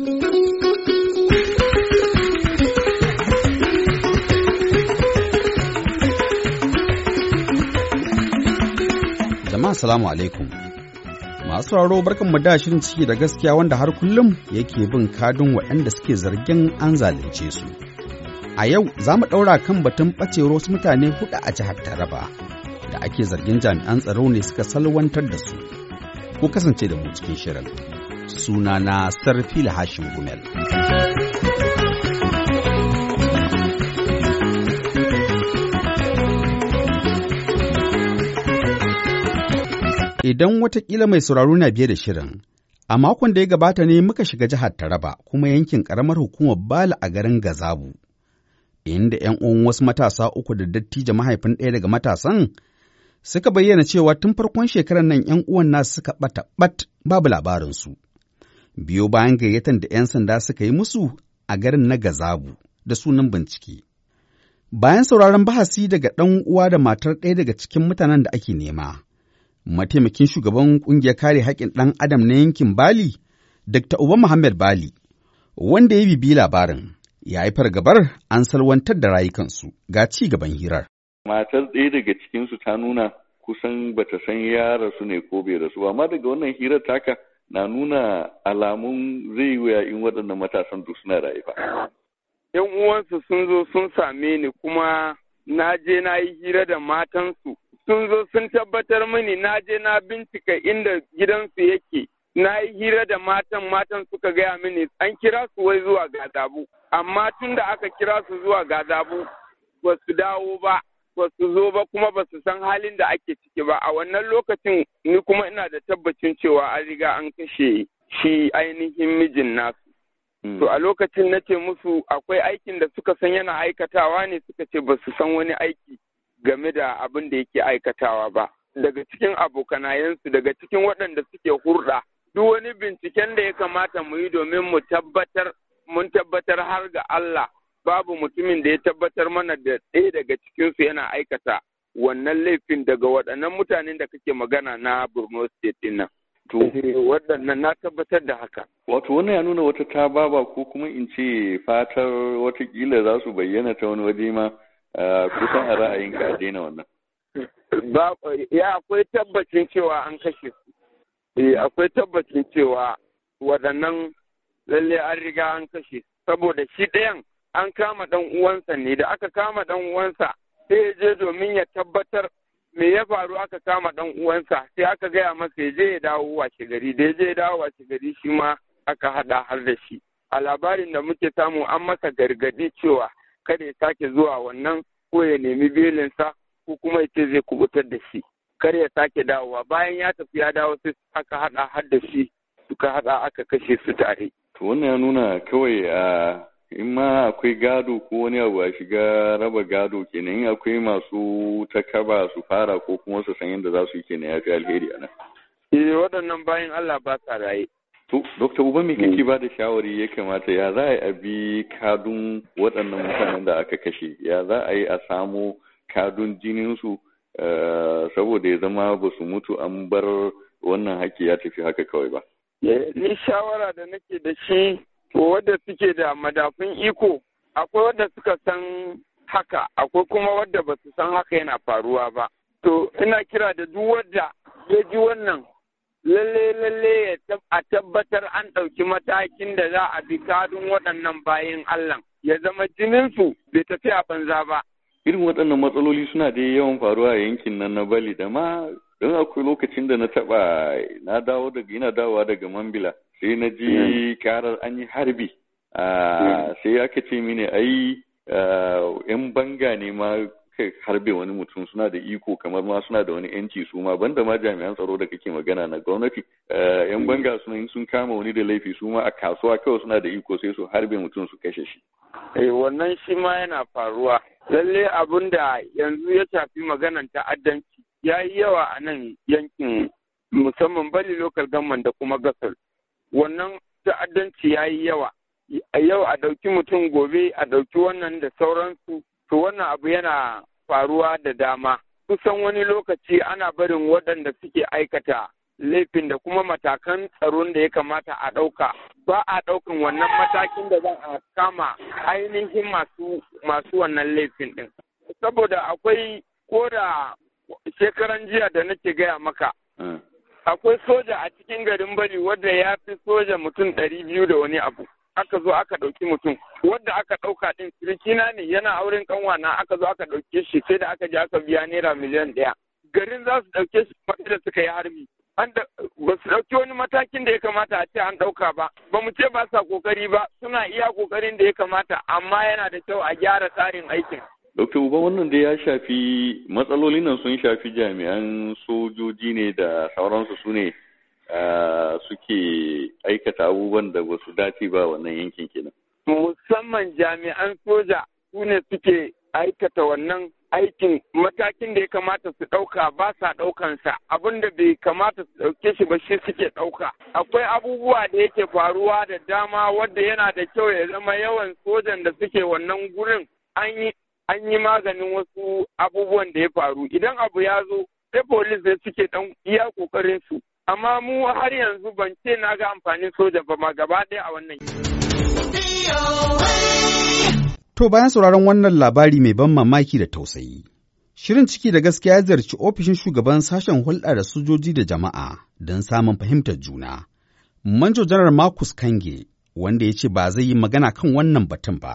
Jama'a salamu alaikum. Masu raro barkan mu da shirin ciki da gaskiya wanda har kullum yake bin kadin waɗanda suke zargin an zalunce su. A yau za mu ɗaura kan batun ɓacewar wasu mutane hudu a jihar Taraba da ake zargin jami'an tsaro ne suka salwantar da su. ko kasance da mu cikin shirin. Suna na sarfil hashin gumel idan watakila mai sauraro na biye da shirin a makon da ya gabata ne muka shiga jihar taraba kuma yankin ƙaramar hukumar bala a garin gazabu inda 'yan uwan wasu matasa uku da dattijo mahaifin ɗaya daga matasan suka bayyana cewa tun farkon shekarar nan 'yan uwan nasu suka ɓata ɓat babu labarinsu. biyo bayan gayyatan da 'yan sanda suka yi musu a garin na Gazabu da sunan bincike. Bayan sauraron bahasi daga ɗan uwa da matar ɗaya daga cikin mutanen da ake nema, mataimakin shugaban ƙungiyar kare haƙƙin ɗan adam na yankin Bali, Dr. Uba Muhammad Bali, wanda ya bibi labarin, ya yi fargabar an salwantar da rayukansu ga ci gaban hirar. Matar ɗaya daga cikinsu ta nuna kusan bata san ya rasu ne ko bai rasu ba, amma daga wannan hirar taka na nuna alamun zai wuya in waɗannan matasan duk suna raye Yan uwansu sun zo sun same ni kuma na je na yi hira da matansu. Sun zo sun tabbatar mini na je na bincika inda gidansu yake. Na yi hira da matan matan suka gaya mini an kira su wai zuwa gazabu. Amma tun da aka kira su zuwa gazabu ba su dawo ba. ba su zo ba kuma ba su san halin da ake ciki ba a wannan lokacin ni kuma ina da tabbacin cewa an riga an kashe shi ainihin mijin nasu hmm. to a lokacin na ce musu akwai aikin da suka san yana aikatawa ne suka ce ba su san wani aiki game da abin da yake aikatawa ba daga cikin abokanayensu daga cikin waɗanda suke hurɗa duk wani binciken da ya kamata mu yi domin mu tabbatar mun tabbatar har ga Allah babu mutumin da ya tabbatar mana da ɗaya daga cikinsu yana aikata wannan laifin daga waɗannan mutanen da kake magana na Borno State nan. To, eh. waɗannan na tabbatar da haka. Wato, wannan ya nuna wata ta baba ko kuma in ce fatar watakila za su bayyana ta wani waje ma kusan a ra'ayinka a daina wannan. Ya akwai tabbacin cewa an kashe su. Eh, akwai tabbacin cewa waɗannan lalle an riga an kashe saboda shi ɗayan an kama ɗan uwansa ne da aka kama ɗan uwansa sai ya je domin ya tabbatar me ya faru aka kama ɗan uwansa sai aka gaya masa ya je ya dawo washe gari da ya je ya dawo washe gari shi ma aka haɗa har da shi a labarin da muke samu an masa gargaɗi cewa kada ya sake zuwa wannan ko ya nemi belinsa ko kuma ya ce zai kubutar da shi kar ya sake dawowa bayan ya tafi ya dawo sai aka haɗa har da shi suka haɗa aka kashe su tare. wannan ya nuna kawai a ah, in ma akwai gado ko wani abu a shiga raba gado kenan in akwai masu takaba su fara ko kuma su san yadda za su yi kenan ya fi alheri a nan. Eh waɗannan bayan Allah ba sa raye. To, Dokta Uba me kake ba da shawari ya kamata ya za a bi kadun waɗannan mutanen da aka kashe, ya za a yi a samo kadun jininsu eh, saboda ya zama ba su mutu an bar wannan haƙƙi ya tafi haka kawai ba. Eh, ni shawara da nake da shi to wadda suke da madafun iko akwai wadda suka san haka akwai kuma wadda ba su san haka yana faruwa ba to ina kira da duk wadda ya ji wannan lalle lalle a tabbatar an ɗauki matakin da za a bi kadun waɗannan bayan Allah ya zama jininsu bai tafi a banza ba irin waɗannan matsaloli suna da yawan faruwa a yankin nan na Bali da ma don akwai lokacin da na taɓa na dawo daga ina dawowa daga Mambila sai na ji karar an yi harbi sai aka ce mini ai yan banga ne ma kai harbe wani mutum suna da iko kamar ma suna da wani yanci su ma banda ma jami'an tsaro da kake magana na gwamnati yan banga suna sun kama wani da laifi su ma a kasuwa kawai suna da iko sai su harbe mutum su kashe shi eh, wannan shi ma yana faruwa lalle abin da yanzu ya shafi maganan ta'addanci ya yi yawa a nan yankin musamman bali lokal gamman da kuma gasar wannan ta'addanci ya yi yawa yau a ɗauki mutum gobe a ɗauki wannan da sauransu to wannan abu yana faruwa da dama kusan wani lokaci ana barin waɗanda suke aikata laifin da kuma matakan tsaron da ya kamata a ɗauka ba a ɗaukan wannan matakin da za a kama ainihin masu masu wannan laifin ɗin saboda akwai ko da shekaran jiya da nake gaya maka hmm. akwai soja a cikin garin bari wadda ya fi soja mutum ɗari biyu da wani abu aka zo aka ɗauki mutum wadda aka ɗauka ɗin sirikina ne yana auren ƙanwana. aka zo aka ɗauke shi sai da aka je aka biya naira miliyan ɗaya garin za su ɗauke shi da suka yi harbi ba su ɗauki wani matakin da ya kamata a ce an ɗauka ba ba mu ce ba sa ƙoƙari ba suna iya ƙoƙarin da ya kamata amma yana da kyau a gyara tsarin aikin Ok, uba wannan dai ya shafi matsalolin nan sun shafi jami'an sojoji ne da sauransu su ne suke aikata abubuwan da ba su dace ba wannan yankin kenan. Musamman jami'an soja su ne suke aikata wannan aikin matakin da ya kamata su ɗauka ba sa ɗaukansa abin da bai kamata su ɗauke shi ba shi suke ɗauka akwai abubuwa da yake faruwa da dama wadda yana da kyau ya zama yawan sojan da suke wannan gurin an yi an yi maganin wasu abubuwan da ya faru idan abu ya zo sai polis da suke dan iya kokarin su amma mu har yanzu ban ce na ga amfanin soja ba ma gaba ɗaya a wannan To bayan sauraron wannan labari mai ban mamaki da tausayi, Shirin ciki da gaskiya ya ziyarci ofishin shugaban sashen hulɗa da sojoji da jama'a don samun fahimtar juna. Manjo Janar Marcus Kange, wanda ya ce ba zai yi magana kan wannan batun ba,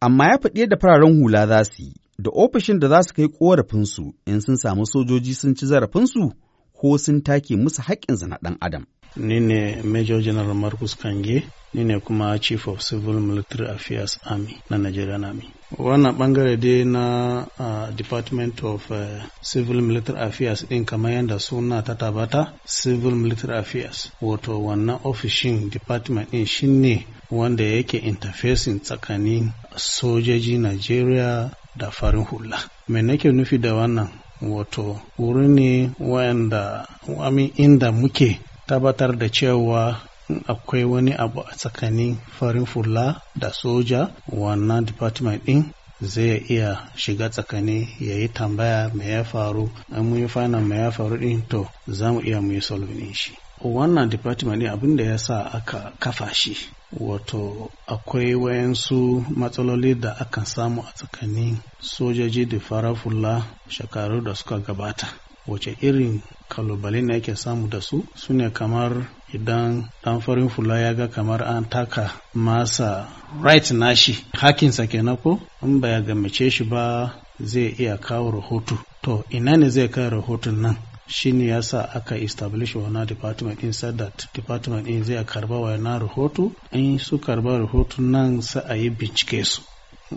amma ya faɗi yadda fararen hula za su yi da ofishin da za su kai ƙorafinsu in sun samu sojoji sun ci zarafinsu ko sun take musu haƙƙinsu na ɗan adam. Ni ne Major General Marcus Kange, ni ne kuma Chief of Civil Military Affairs Army na Nigerian Army. Wannan bangare dai na uh, Department of uh, Civil Military Affairs ɗin kamar yadda suna ta tabata Civil Military Affairs, wato wannan ofishin department ɗin shine wanda yake interfacing tsakanin sojoji Najeriya da farin hula. Me nake nufi da wannan? Wato, wuri ne wanda wami inda muke tabbatar da cewa akwai wani abu a tsakanin farin hula da soja wannan department din zai iya shiga tsakani ya yi tambaya mai ya faru an muyi yi mai ya faru din to za mu iya muyi yi shi wannan department ne abin da ya sa aka kafa shi wato akwai wayansu matsaloli da aka samu a tsakanin sojoji da farafula shekaru da suka gabata wace irin kalubale ne yake samu da su sune kamar idan dan farin fula ya ga kamar an taka masa right nashi hakinsa kenan ko in ba ya gamace shi ba zai iya kawo rahoto to ina ne zai kai rahoton nan shine sa aka establish wannan department din said that department din zai karba wannan rahoto in su karba rahoton nan sa a yi bincike su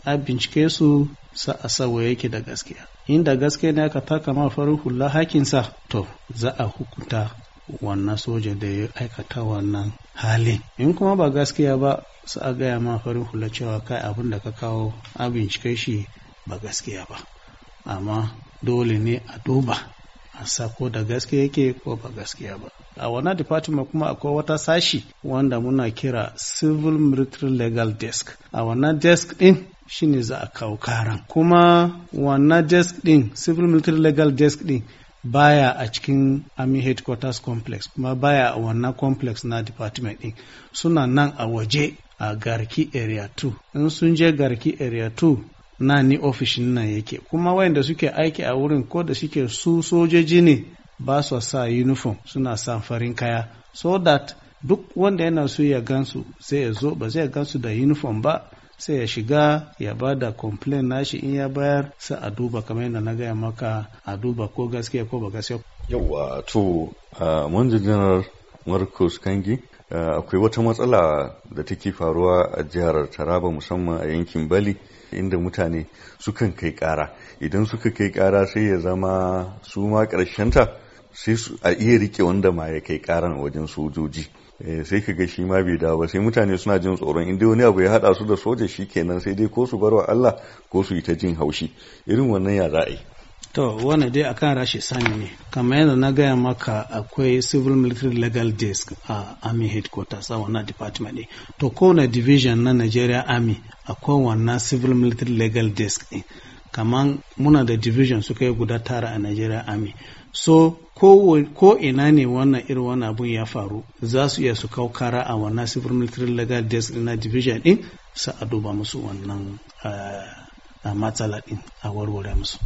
a bincike su sa a sawa yake da gaskiya inda gaskiya ne aka taka ma farin hula hakinsa to za a hukunta wannan soja da ya aikata wannan halin in kuma ba gaskiya ba su a gaya ma farin hula cewa kai abin da ka kawo a bincike shi ba gaskiya ba amma dole ne a duba sako da gaske yake ko ba gaskiya ba a wani department kuma akwai wata sashi wanda muna kira civil military legal desk a wannan desk din shine za a kawo karan kuma wannan desk din civil military legal desk din baya a cikin army headquarters complex kuma baya a wannan complex na department din suna nan a waje a garki area 2 in sun je garki area 2 na ni ofishin nan yake kuma wayanda suke aiki a wurin ko da suke su sojoji ne ba su sa uniform suna sa farin kaya so that duk wanda yana so ya gansu sai ya zo ba zai gansu da uniform ba sai ya shiga ya ba da complain nashi in ya bayar sa a duba kamar yadda na gaya maka a duba ko gaskiya ko ba gaskiya yawa to mun janar marcus kangi akwai wata matsala da take faruwa a jihar taraba musamman a yankin bali inda mutane sukan kai kara idan suka kai kara sai ya zama su ma ta sai a iya rike wanda ma ya kai karan wajen sojoji eh, sai ka ga shi ma bai dawo ba sai mutane suna jin tsoron inda wani abu ya hada su da soja shi kenan sai dai ko su bar wa Allah ko su yi ta jin haushi irin wannan ya za a yi To wani dai akan rashi sani ne kamar yadda na gaya maka akwai civil military legal desk a army headquarters a wannan department ne to kowane division na Nigeria army a wannan civil military legal desk ɗin kamar muna da division suka yi guda tara a Nigeria army so ko, ina ne wannan irin wannan abun ya faru za su iya su kaukara a wannan civil military legal desk na division ɗin sa a duba musu wannan uh, matsala ɗin a warware musu.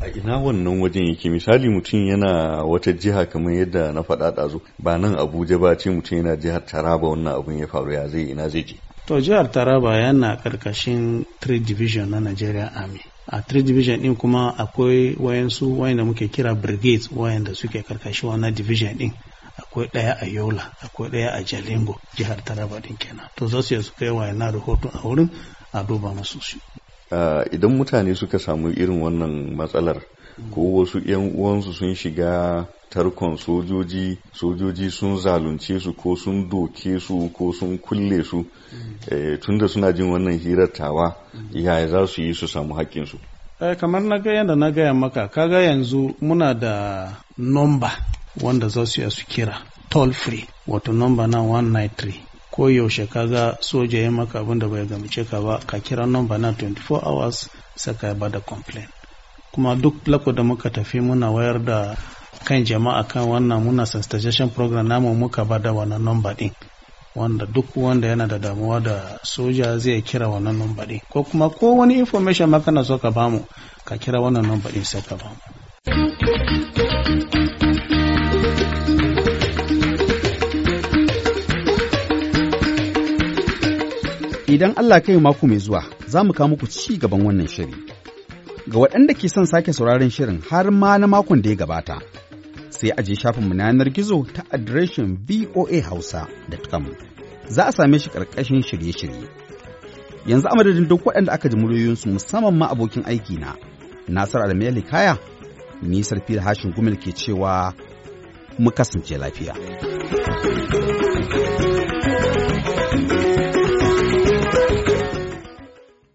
a ina wannan wajen yake misali mutum yana wata jiha kamar yadda na faɗa ɗazu ba nan abuja ba ce mutum yana jihar taraba wannan abun ya faru ya zai ina zai je to jihar taraba yana karkashin 3 division na nigeria army a 3 division din kuma akwai wayansu wayanda muke kira brigades wayanda suke ƙarƙashin na division din akwai ɗaya a yola akwai ɗaya a jalingo jihar taraba din kenan to za su yi su kai na rahoton a wurin a duba masu su Eh, idan mutane suka samu irin wannan matsalar ko wasu 'yan uwansu sun shiga tarkon sojoji sojoji sun zalunce su ko sun doke su ko sun kulle su eh, tunda suna jin wannan hirar tawa yaya za su yi su samu haƙƙinsu eh, kamar na ga yadda na gaya maka kaga yanzu muna da nomba wanda za su su kira toll free wato nomba na 193 ko yaushe kaga soja ya maka abin da bai gamace ka ba ka kira number na 24 hours sai ka ba da complaint kuma duk lako da muka tafi muna wayar da kan jama'a kan wannan muna sensitization program namu muka ba da wannan number din wanda duk wanda yana da damuwa da soja zai kira wannan number din ko kuma ko wani information ma kana so ka bamu ka kira wannan number din sai ka bamu Idan Allah kai mako mai zuwa, za mu kawo muku ci gaban wannan shiri. Ga waɗanda ke son sake sauraron shirin har ma na makon da ya gabata, sai a je shafinmu na yanar gizo ta adireshin voahausa.com. Za a same shi ƙarƙashin shirye-shirye. Yanzu a madadin duk waɗanda aka ji muryoyinsu musamman ma abokin aiki na, Nasar Almeli Kaya, nisar fil hashin gumil ke cewa mu kasance lafiya.